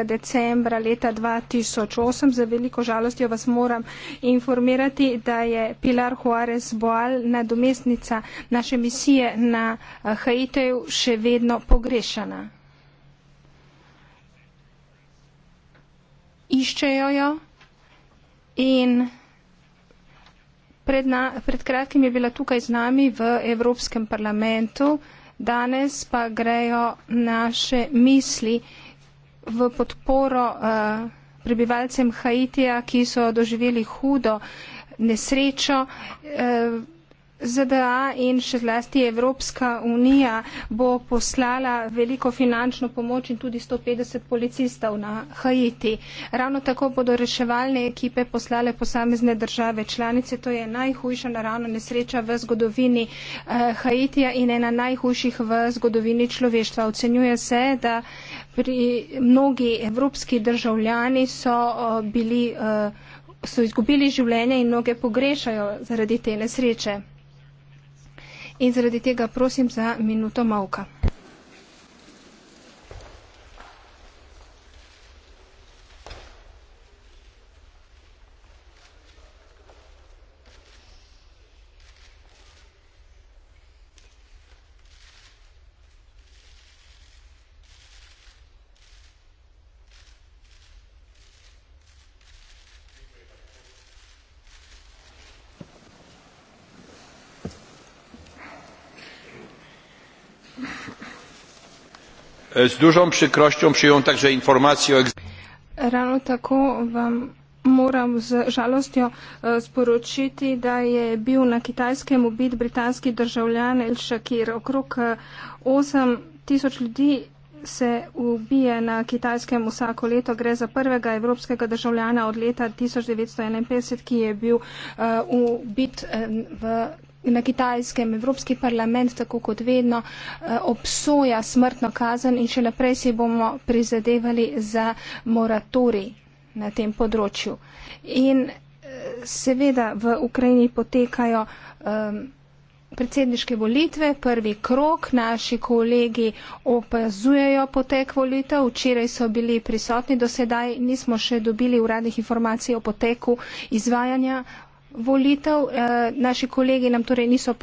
decembra leta 2008. Za veliko žalostjo vas moram informirati, da je Pilar Juarez Boal, nadomestnica naše misije na eh, Haitiju, še vedno pogrešana. Iščejo jo in pred, na, pred kratkim je bila tukaj z nami v Evropskem parlamentu, danes pa grejo naše misli v podporo eh, prebivalcem Haitija, ki so doživeli hudo nesrečo. Eh, ZDA in še zlasti Evropska unija bo poslala veliko finančno pomoč in tudi 150 policistov na Haiti. Ravno tako bodo reševalne ekipe poslale posamezne države članice. To je najhujša naravna nesreča v zgodovini eh, Haitija in ena najhujših v zgodovini človeštva. Ocenjuje se, da pri mnogi evropski državljani so bili, so izgubili življenje in mnoge pogrešajo zaradi te nesreče. In zaradi tega prosim za minuto mavka. E, z dużą przykrością przyjął także informację o Rano tako vam moram z žalostjo e, sporočiti, da je bil na kitajskem ubit britanski državljan El Shakir. Okrog 8 e, tisoč ljudi se ubije na kitajskem vsako leto. Gre za prvega evropskega državljana od leta 1951, ki je bil ubit v na kitajskem Evropski parlament tako kot vedno eh, obsoja smrtno kazen in še naprej si bomo prizadevali za moratori na tem področju. In eh, seveda v Ukrajini potekajo um, predsedniške volitve, prvi krok, naši kolegi opazujejo potek volitev, včeraj so bili prisotni, do sedaj nismo še dobili uradnih informacij o poteku izvajanja volitev. Eh, naši kolegi nam torej niso poslali.